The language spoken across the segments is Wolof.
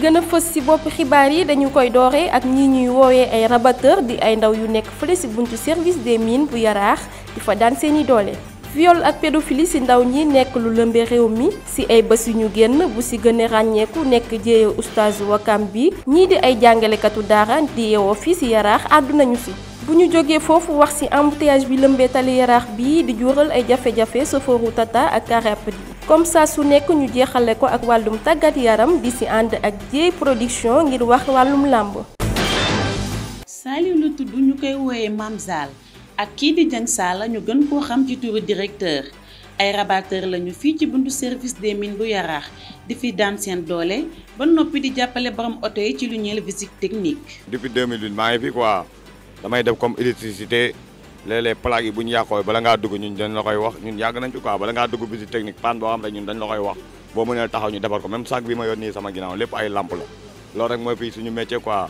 gëna fess ci bop xibaar yi dañu koy doré ak ñi ñuy wowe ay rabatteur di ay ndaw yu nekk fële ci buntu service des mines bu yarax di fa daan seeni doole. viol ak pédophilie ci ndaw ñi nekk lu lëmbe réew mi ci ay bés yu ñu génn bu ci gën a ràññeeku nekk jéeye oustaz wakam bi ñii di ay jàngalekatu daara di yeewoo fii ci yaraax àddunañu ci. bu ñu jógee foofu wax ci embouteillage bi lëmbee tali yarax bi di juural ay jafe-jafe sofooru tata ak car comme saa su nekk ñu jeexale ko ak wàllum tàggat yaram di ci ànd ak jéey production ngir wax wàllum làmb Saliou lu tudd ñu koy wooye Mame ak kii di Dieng Sall ñu gën koo xam ci turu directeur ay rabatteur lañu fii ci buntu service des mil bu yaraax di fi daan seen doole ba noppi di jàppale borom oto yi ci lu ñeel visite technique. depuis 2008 maa ngi fi quoi damay def comme électricité. lele léeg plaque yi buñ yakoy bala nga dugg ñun dañ la koy wax ñun yag nañ ci quoi bala nga dugg ci technique pan bo xam rek ñun dañ la koy wax boo mënee taxaw ñu débar ko même sac bi ma yoni sama ginaaw lépp ay lampe la lool rek moy fi suñu métier quoi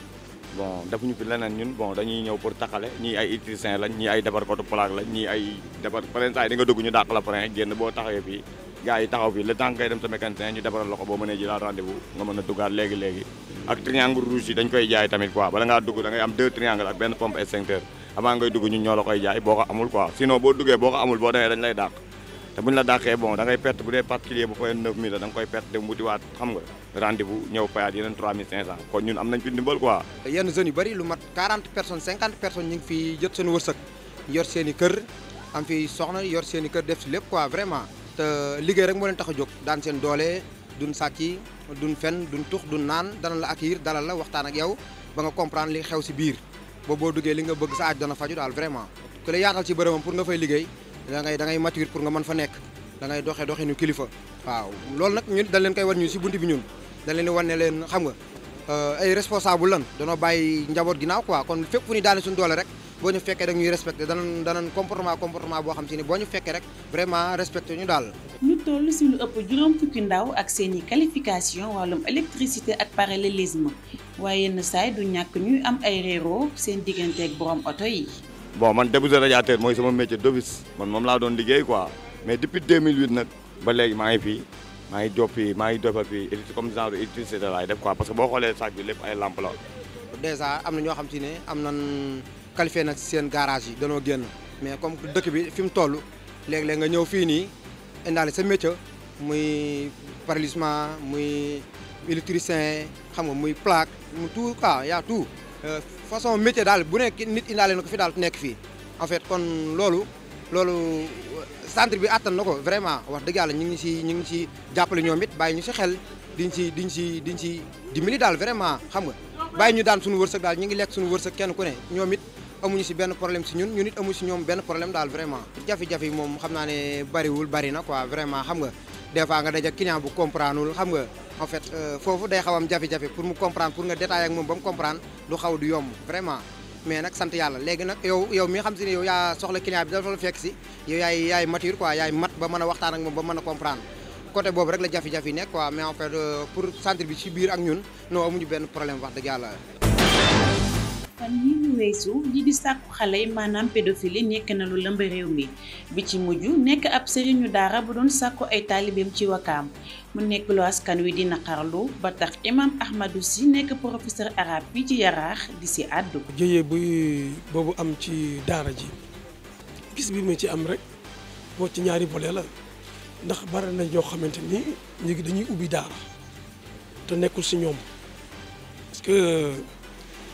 bon ñu fi leneen ñun bon dañuy ñëw pour taxale ñi ay électricien lañ ñi ay to plaque lañ ñi ay débar plein saa yi di nga dugg ñu dàq la plein genn bo taxawé fi gaay taxaw fi le temps kay dem sa mécanicien ñu defaral la ko boo mënee jëlaat rendez-vous nga mëna a légui légui ak triangle rouge yi dañ koy jaay tamit quoi bala nga dugg da ngay am deux triangle ak benn pompe extincteur avant ngay dugg ñun ñoo la koy jaay boko amul quoi sino bo duggé boko amul bo demee dañ lay dàq té buñ la dàqee bon da ngay perte bu dé particulier bu fayoon 9000 la da nga koy perte dem wat xam nga rendez-vous ñew payat yenen 3500 kon ñun am nañ fi dimbal quoi yenn zone yu bari lu mat 40 personnes 50 personnes ñi ngi fi jot seen wërsëg yor seen kër am fi soxna yor seen kër def ci lepp quoi vraiment té liggéey rek mo leen tax jog daan seen doolé dun sakki dun fen dun tux dun nan dana la accueillir dalal la waxtaan ak yow ba nga comprendre li xew ci biir ba boo duggee li nga bëgg sa aaj dana faju daal vraiment ku la yaatal ci bërëmam pour nga fay liggéey da ngay da pour nga mën fa nekk da ngay doxee doxee ñu kilifa waaw loolu nag ñun dañ leen koy war ñun si buntu bi ñun dañ leen di wan ne leen xam nga euh, ay responsable lan danoo bàyyi njaboot ginnaaw quoi kon fépp fu ñu daane suñu doole rek boo ñu fekkee rek ñuy respecté danan danan comportement comportement boo xam si ne boo ñu fekkee rek vraiment respecté ñu daal toll si lu ëpp juróom fukki ndaw ak seeni qualification wàllum électricité ak parallélisme waaye yenn saay du ñàkk ñuy am ay réeroo seen diggante ak borom oto yi. bon man débouté radiateur mooy sama métier d'office man moom laa doon liggéey quoi mais depuis 2008 nag ba léegi maa ngi fii maa ngi jóg fii maa ngi dofa fii électrique comme genre électricité laay def quoi parce que boo xoolee sac bi lépp ay lampe la. dèjà am na ñoo xam ci ne am nan qualifié na seen garage yi danoo génn mais comme dëkk bi fi mu toll léeg-léeg nga ñëw fii nii. indaale sa métier muy paralysement muy électricien xam nga muy plaque mu tout quoi yaa a tout euh, façon métier daal bu nekk nit indaale na ko fi daal nekk fii en fait kon loolu loolu euh, centre bi attan na ko vraiment wax dëgg yàlla ñu ngi si ñu ngi si jàppale ñoom it ñu si xel diñ si diñ si diñ si dimbali daal vraiment xam nga baay ñu daan suñu wërsëg daal ñu ngi lekk suñu wërsëg kenn ko ne ñoomit amuñu si ben problème si ñun ñun it amu si ñom ben problème dal, vraiment jafé jafé mom xamna né bari ne bari na quoi vraiment xam nga des fois nga daje client bu comprendreul xam nga en fait euh, fofu day xawam am jafé pour mu comprendre pour nga détail ak mom bam comprendre du xaw du yom vraiment mais nak sante yalla yo nak yow yow mi xam ci yow ya soxla client bi dafa fekk ci yow yaay yaay mature quoi yaay mat ba mëna waxtaan ak mom ba mëna comprendre côté bobu rek la jafé jafé nek quoi mais en fait euh, pour centre bi ci biir ak ñun non amuñu ben problème wax yalla fan ñi ñu wéssu ñi di sàkku xale yi maanaam Nek nekk na lu lëmb réew mi bi ci mujj nekk ab sëriñu daara bu doon sàkku ay taalibeem ci wakaam mu nekk lu askan wi di naqarlu ba tax imam ahmadou si nekk professeur arab bi ci yaraax di si àddu jëye bu boobu am ci daara ji gis bi ma ci am rek boo ci ñaari volet la ndax bari na ñoo xamante ni ngi dañuy ubbi daara te nekkul si ñoom parce que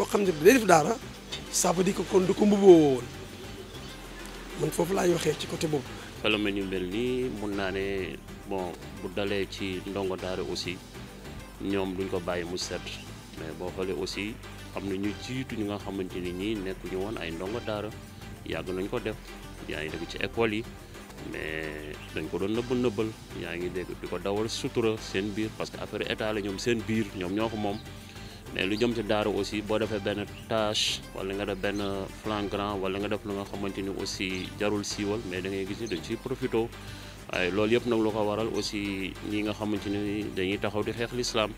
boo xam ne day def daara ça veut dire que kon du ko mbubboo woon man foofu laay waxee ci côté boobu. phénomène ñu mel nii mun naa ne bon bu dalee ci ndongo daara aussi ñoom duñ ko bàyyi mu set mais boo xoolee aussi am na ñu jiitu ñu nga xamante ni ñii nekkuñu woon ay ndongo daara yàgg nañ ko def yaa ngi dégg ci école yi mais dañ ko doon nëbbal nëbbal yaa ngi dégg di ko dawal sutura seen biir parce que affaire état la ñoom seen biir ñoom ñoo ko moom. mais lu jëm ci daaru aussi boo defee benn tâche wala nga def benn flagrant wala nga def lu nga xamante ni aussi jarul siiwal mais dangay gis ni dañ ci profité waaye loolu yëpp nag lu ko waral aussi ñi nga xamante ni dañuy taxaw di xeex lislaam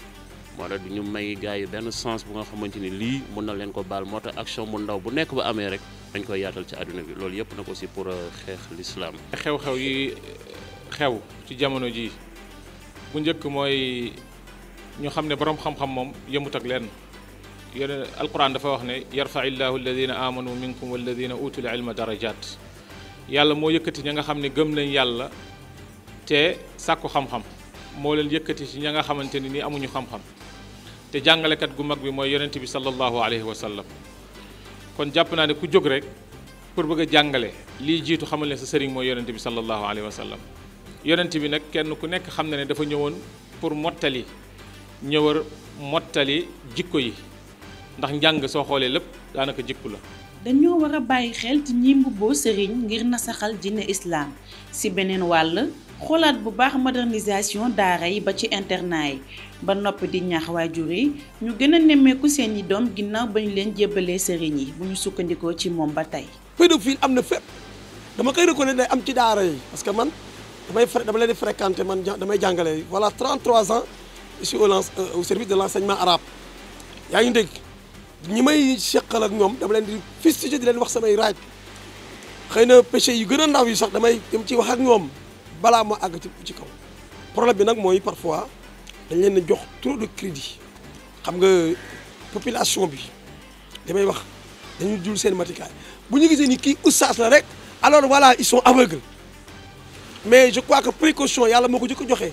moo tax du ñu may gars yi benn sens bu nga xamante ni lii mën na leen ko baal moo tax action bu ndaw bu nekk ba amee rek dañ koy yaatal ci àdduna bi loolu yëpp nag aussi pour euh, xeex lislaam xew-xew yi xew ci jamono ji njëkk mooy ñu xam ne borom xam-xam moom yëmut ak lenn yéen alquran dafa wax ne yarfa illahu alladina amanu minkum walladina utul ilma darajat yàlla moo yëkkati ña nga xam ne gëm nañ yàlla te sàkku xam-xam moo leen yëkkati ci ña nga xamante ni amuñu xam-xam te jàngalekat gu mag bi moy yaronte bi sallallahu alayhi wa sallam kon jàpp na ne ku jóg rek pour bëgg jàngale li jitu xamal ne sa sëriñ moy yaronte bi sallallahu alayhi wa sallam yaronte bi nak kenn ku nekk xam na ne dafa ñëwoon pour motali ñëwar mottali jikko yi ndax njàng soo xoolee lépp daanaka jikko la dañoo war a bàyyi xel ci ñi mbubboo sëriñ ngir nasaxal ji diine islaam si beneen wàll xoolaat bu baax modernisation daara yi ba ci internat yi ba noppi di ñaax waajur yi ñu gën a nemmeeku seen i doom ginnaaw ba ñu leen jébbalee sëriñ yi bu ñu sukkandikoo ci moom ba tey pédophile am na fépp dama koy reconnaître ne am ci daara yi parce que man damay dama leen di fréquenter man damay jàngale voilà 33 ans je suis au euh, au service de l'enseignement enseignement arabe yaa ngi dégg ñi may seqal ak ñoom dama leen di fustiger di leen wax samay raaj xëy na péché yu gën a ndaw yi sax damay dem ci wax ak ñoom balaa ma àgg ci kaw problème bi nag mooy parfois dañ leen di jox trop de crédit xam nga population bi damay wax dañu jul seen matikaay bu ñu gisee ni kii oustaz la rek alors voilà ils sont aveugles mais je crois que précaution yàlla moo ko jëkk joxee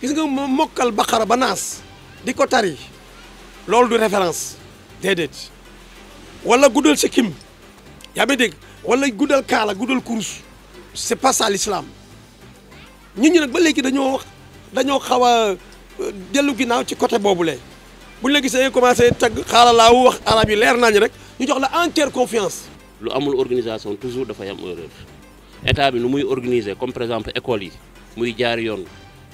gis nga ma mokkal baqara ba naas di tari lolou du référence déedéet wala goudal sa kim yaa ngi wala goudal kala goudal kurus c'est pas ça l'islam nit ñi nag ba léegi dañoo wax dañoo xawa euh, delu ginaaw ci côté bobu bu buñ la gisee commencé tag xala la wax arab yi leer nañ rek ñu jox la entière confiance. lu amul organisation toujours dafa am erreur état bi nu muy organiser comme par exemple école yi muy jaar yoon.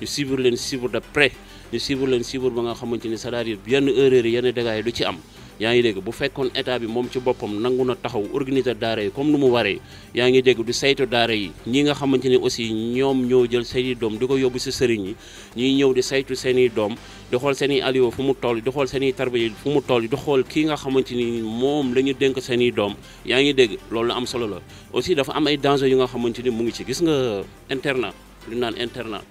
ñu suivre leen suivre de près ñu suivre leen suivre ba nga xamante ni c'est-à-dire yenn erreur yi yenn du ci am yaa ngi dégg bu fekkoon état bi moom ci boppam nangu na taxaw organiser daara yi comme nu mu waree yaa ngi dégg du saytu daara yi ñi nga xamante ni aussi ñoom ñoo jël seen doom di ko yóbbu si sëriñ yi ñuy ñëw di saytu seen doom di xool seen alio fu mu toll di xool seen tarbe yi fu mu toll di xool kii nga xamante ni moom la ñu dénk seen doom yaa ngi dégg loolu am solo la aussi dafa am ay danger yu nga xamante ni mu ngi ci gis nga internat li naan internat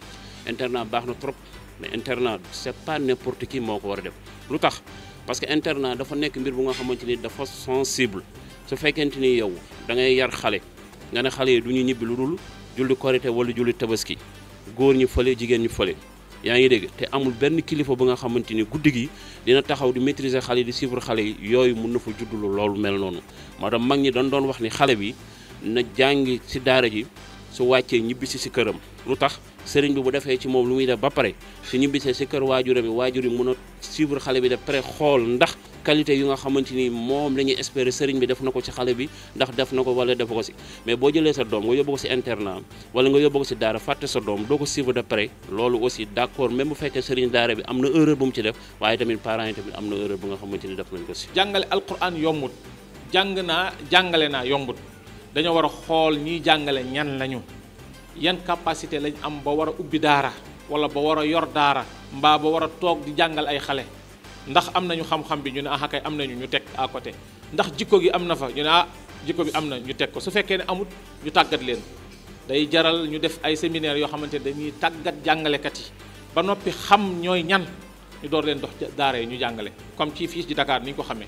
internat baax na trop mais internat c'est pas n'importe qui moko wara def lutax parce que internat dafa nek mbir bu nga xamanteni dafa sensible su fekkente ni yow da ngay yar xalé nga ne xalé duñu du ñu ñibbi lu dul julli korité wala julli tabaski goor ñu fële jigen ñu fële yaa ngi dégg te amul benn kilifa bu nga xamante ni guddi gi dina taxaw di maîtriser xale di suivre xale yi yooyu mun na fa juddlu loolu mel noonu moo tax mag ñi dañ doon wax ni xale bi na jàngi ci daara ji su wàccee ñibbi si si këram lu tax sëriñ bi bu defee ci moom lu muy def ba pare su ñibbisee si kër waajuram yi waajur yi mun a suivre xale bi de près xool ndax qualité yu nga xamante ni moom lañuy ñuy espérer sëriñ bi def na ko ci xale bi ndax def na ko wala def ko si mais boo jëlee sa doom nga yóbbu ko si internat wala nga yóbbu ko si daara fàtte sa doom doo ko suivre de près loolu aussi d' accord même bu fekkee sëriñ daara bi am na erreur bu mu ci def waaye tamit parents yi tamit am na erreur bu nga xamante ni def nañ ko si jàngale alquran yombut jàng naa jàngale naa yombut dañoo war xool ñiy jàngale ñan lañu yan capacité lañ am ba war a ubbi daara wala ba war a yor daara mbaa ba war a toog di jàngal ay xale ndax am nañu xam-xam bi ñu ne ah am nañu ñu teg à côté ndax jikko gi am na fa ñu ne ah jikko bi am na ñu teg ko su fekkee ne amut ñu tàggat leen day jaral ñu def ay séminaire yoo xamante ne dañuy tàggat jàngalekat yi ba noppi xam ñooy ñan ñu door leen dox daara yi ñu jàngale comme ci fii ci dakaar ni ñu ko xamee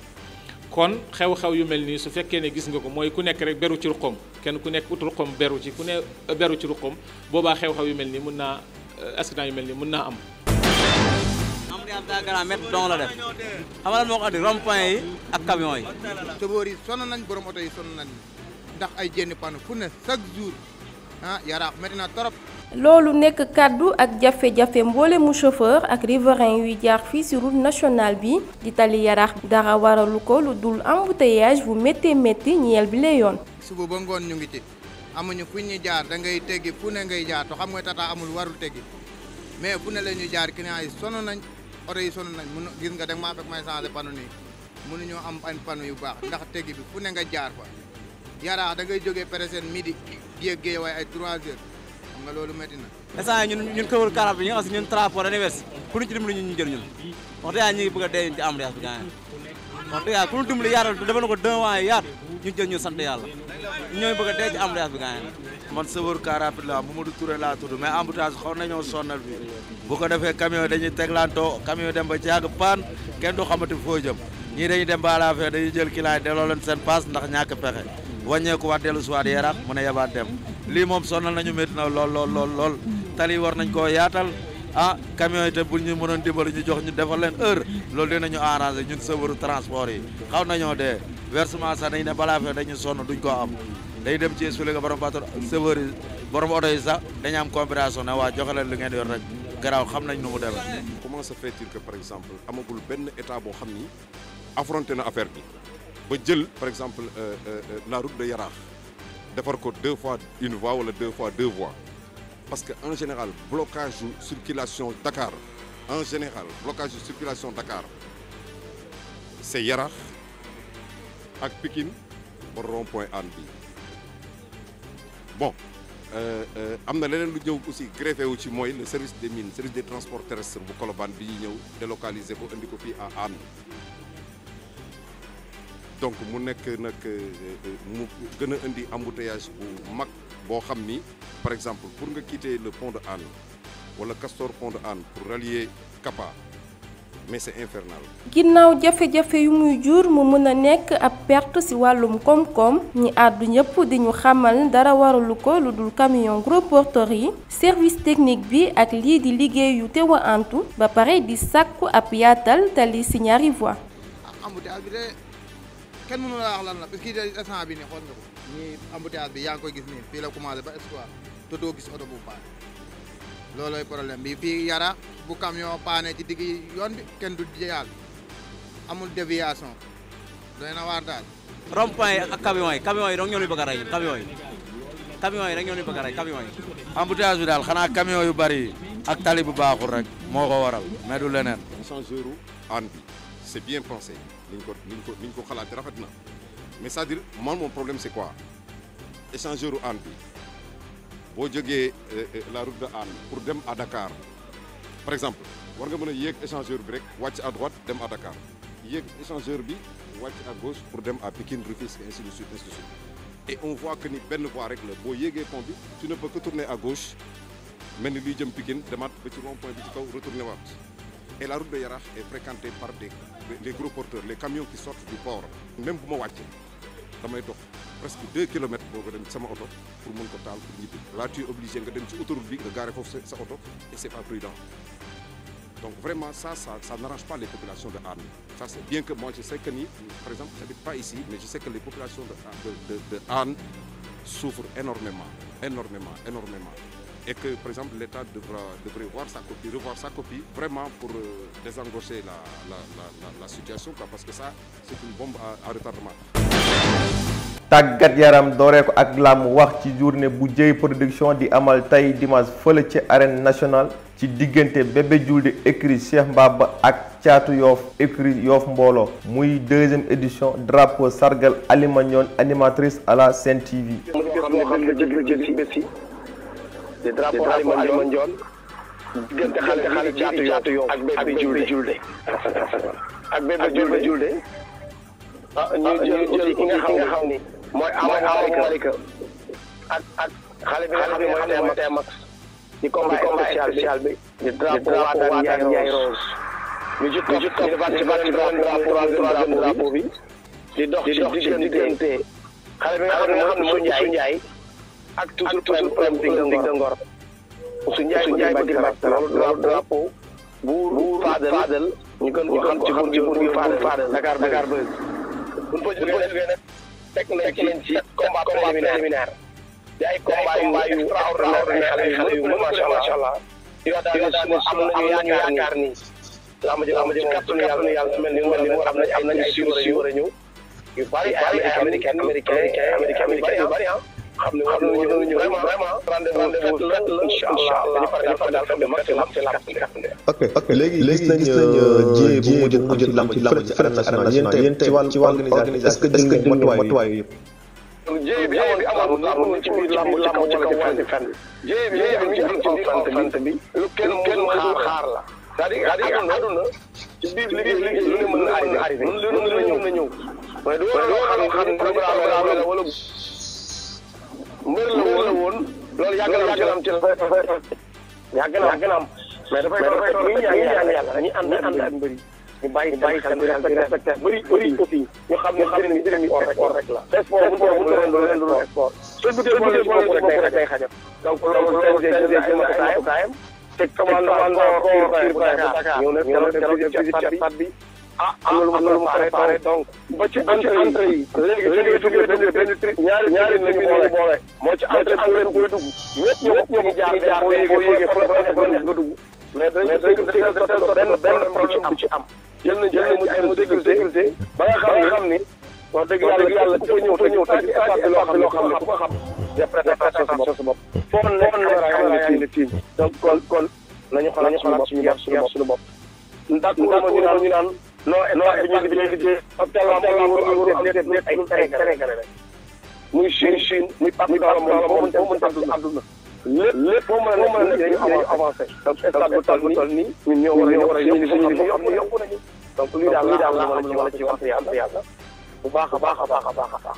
kon xew-xew yu mel nii su fekkee ne gis nga ko mooy ku nekk rek beru ci ruqam kenn ku nekk ut ruqam beru ci ku ne beru ci ruqam boobaa xew-xew yu mel nii mën naa euh, accident yu mel nii mën naa am. daa mètre dong la def xam nga lan moo ko andi rond yi ak camion yi. chauffeur yi sonn nañ borom oto yi sonn nañ ndax ay jenn panne fu ne chaque jour. ah yaraax métti na torop loolu nekk kàddu ak jafe-jafe mboole mu chauffeur ak riverain yuy jaar fii ci route nationale bi di tali yaraax dara waralu ko lu dul embouteillage bu méttee métti ñeel bi la yoon. suba ba ngoon ñu ngi ci amuñu fu ñu jaar da ngay teggi fu ne ngay jaar to xam nga tata amul warul teggi mais fu ne la ñuy jaar client yi sonn nañ oto yi sonn nañ mun gis nga da nga maa fekk may changé panneau nii mënuñoo am ay yu baax ndax teggi bi fu ne nga jaar fa. Yaraax da ngay jógee Petersen midi yéeg Guédiawaye ay 3 heures xam nga loolu métti na. instant ñun ñun këwul karal bi ñu nga xam si ñun transport dañuy wes ku ñu ci dimbali ñun ñu jël ñun wax dëgg yàlla ñu ngi bëgg dee ci am bi gaañ wax dëgg yàlla ku ñu dimbali yaatal dafa na ko deux ans yaat ñu jël ñun sant yàlla ñooy bëgg a dee ci am bi gaañ man sëwër car rapide la Mamadou Touré dem ba ci yàgg paan kenn du xamati foo jëm ñii dañuy dem ba la fee dañuy jël client yi delloo leen seen paas ndax ñàkk pexe wàññeeku waat dellu suwaat yaraax mu ne yabaat dem lii moom sonal nañu métti na lool lool lool lool tali war nañ koo yaatal ah camion yi te bu ñu mënoon dimbali ñu jox ñu defal leen heure loolu dinañu arrangé ñun sëbaru transport yi xaw nañoo dee versement sax dañ ne balaa fee dañu sonn duñ ko am day dem ci expliqué borom bato sëbaru yi borom yi sax dañu am compréhension ne waa joxe leen li ngeen yor rek garaaw xam nañ nu mu demee. comment exemple amagul benn état boo xam ni affronté na affaire bi. par exemple euh, euh, euh, la route de Yarar d'avoir ko deux fois une voie ou deux fois deux voies parce que en général blocage de circulation Dakar en général blocage circulation Dakar c'est Yarar ak Pikine ba rond-point bon il y a lu aussi greffé wu ci le service des mines service des transports terrestres pour que bi de ñëw délocaliser ko à Anne donc mu nek nak euh, euh, mu gëna a indi embouteillage bu mag bo xamni par exemple pour nga quitter le pont de Anne wala Castor pont de Anne pour rallier Capa mais c'est infernal. ginnaaw jafé jafé yu muy jur mu mëna a nekk ab perte ci walum kom kom ñi addu ñëpp di ñu xamal dara warul ko luddul camion gros porteur yi service technique bi ak li di liggéey yu téwa antu ba pare di sàkku ab yaatal tali ci ñaari voies. embouteillage kenn mënu la wax lan la parce que instant bi nii xool nga ko bi yaa ngi koy gis nii fii la commencé ba Espoir te doo gis oto bu paane loolooy problème bi fii yara bu camion paane ci digg yoon bi kenn du jaal amul déviation doy na waar daal rond point yi ak camion yi camion yi dong ñoo ñu bi daal xanaa camion yu bari ak tali bu baaxul rek moo ko waral mais du leneen changeur an bi c'est bien pensé ni ko ni ko ko mais c'est-à-dire man mon problème c'est quoi échangeur u Hann bi boo jógee euh, euh, la route de Hann pour dem à Dakar par exemple war nga mën échangeur bi rek wàcc à droite dem à Dakar yéeg échangeur bi wàcc à gauche pour dem à Pikine Rufisque ainsi de suite ainsi de suite et on voit que ni benn voie rek la boo yéegee pont bi tu ne peux que tourner à gauche Mais lui, luy jëm Pikine demaat ba ci rond point bi ci kaw retourner waat et la route de Yarach est fréquentée par des, gros porteurs, les camions qui sortent du port. Même pour moi, c'est presque 2 km pour dem pour mon ko là tu es obligé de dem ci autoroute nga garer sa auto et c'est pas prudent donc vraiment ça ça, ça n'arrange pas les populations de Han. ça c'est bien que moi je sais que ni par exemple j'habite pas ici mais je sais que les populations de de souffrent énormément énormément énormément et que, par exemple, l'État devrait sa copie, revoir sa copie, vraiment pour euh, désengorger la, la, la, la, situation, parce que ça, c'est une bombe à, retardement. Tagat yaram dooree ko ak lam wax ci journée bu production di amal tay dimanche feul ci arène nationale ci diggante bébé julde écrit Cheikh Mbaba ak écrit yoof écurie yoof mbolo muy deuxième édition drapeau sargal Aly animatrice à la Sen TV. di drapeau Aliouma Ndiol diggante xale xale caatu yow ak bébé julde ak bébé julde ah ñu jël ah, jël ki nga xam ni mooy Ama Malika ak ak xale bi nga xam ne mooy Tmax di combat spécial bi di drapeau Waadane Ndiaye Rose ñu jot ñu jot ci bàcc drapeau bi di dox ci diggante xale bi nga xam ne mooy Ndiaye ak toujours problème dig dangor su njaay njaay ba gis baax loolu drapeau buur faadal faadal ñu gën ko xam ci buur ci buur faadal faadal dakar dakar buzz buñ ko jógee nag tek nañ ci leen ci combat préliminaire day combat yu yu extraordinaire xale yu mën masha allah yoo daal daal am nañu yaakaar ni lama ji lama ji kattanu yàlla yàlla mel ni mel ni war am nañ am nañ ay suivre yu war a ñëw yu bari ay américain américain américain yu bari ah xam ne war nañu ñëw vraiment vraiment rendez-vous la incha allah dañu pare daal daal dem maximum ci làmb ci ok ok léegi gis nañ jiyee bu mu jot mu jot làmb ci làmb ci feneen arène nationale yéen tey ci wàllu organisation est-ce que jël ngeen matuwaay yëpp jëye bi jëye bi amul amul ci biir làmb làmb ci kaw fenn fenn jëye bi jëye bi am ci biir sant bi lu kenn kenn mënul xaar la c'est-à-dire aduna aduna ci biir liggéey liggéey lu ne mën na arrivé mën na ñëw mën na ñëw mais du xam xam programme la wala mbër la woon loolu yàgg na am ci la yàgg na yàgg na am mais dafay dafay ñuy ñaan yàlla dañuy ànd ànd ak mbër yi ñu bàyyi bàyyi xel di respecté bëri bëri aussi ñu xam ne xam ne jërëm yi or rek or rek la sport bu ñu bu leen doon leen doon sport su bu dee bu dee bopp rek day day xajam donc loolu loolu jël jël jël ay matukaayam te commande ko ko Dakar ñëw na ñëw na jël jël bi ah ah am na lu mu préparé donc. ba ci entrée yi léegi léegi duggee benn benn tri ñaari ñaari nit ñi boole moo ci entrée bu leen koy dugg. ñëpp ñëpp ñu ngi jaar jaar boo yéegee boo yéegee fële fële fële nga dugg. mais dañuy dañuy dañuy dañuy benn benn problème bu ci am. jël nañ ci ay mesures de sécurité ba nga xam ne xam ni. wax dëgg yàlla yàlla ku fa ñëw te ñëw te ci état bi loo xam ne xam ne ku ko xam. jàppale sa sa bopp. foo nekk caméra yaa ngi tiim donc kon kon nañu xoolaat suñu bopp yar suñu bopp. ndax ñu naan non non ñu ngi liggéey hôpital am am def def ay Sénégalais rek muy Chine Chine muy Pape Ndao moom foo mën a àdduna àdduna lépp lépp foo mën a nekk dañu avancé donc stade bu toll nii ñun ñoo war a ñoo war a yóbbu yóbbu yóbbu nañu donc lii daal lii daal la ma la ci wax yàlla bu baax a baax a baax a baax a baax